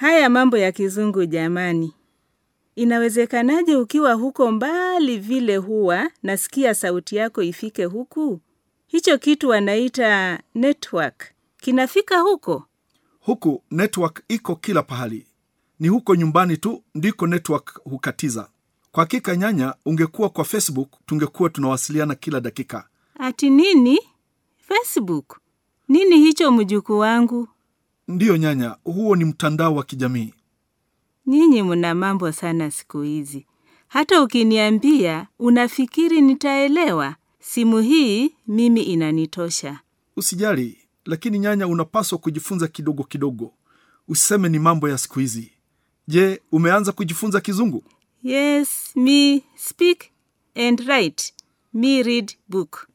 Haya mambo ya kizungu jamani. Inawezekanaje ukiwa huko mbali vile huwa nasikia sauti yako ifike huku? Hicho kitu wanaita network. Kinafika huko? Huku network iko kila pahali. Ni huko nyumbani tu ndiko network hukatiza. Kwa hakika nyanya, ungekuwa kwa Facebook tungekuwa tunawasiliana kila dakika. Ati nini? Facebook? Nini hicho mjukuu wangu? Ndiyo nyanya, huo ni mtandao wa kijamii. Nyinyi mna mambo sana siku hizi, hata ukiniambia unafikiri nitaelewa. Simu hii mimi inanitosha. Usijali, lakini nyanya, unapaswa kujifunza kidogo kidogo, usiseme ni mambo ya siku hizi. Je, umeanza kujifunza Kizungu? Yes, me speak and write, me read book.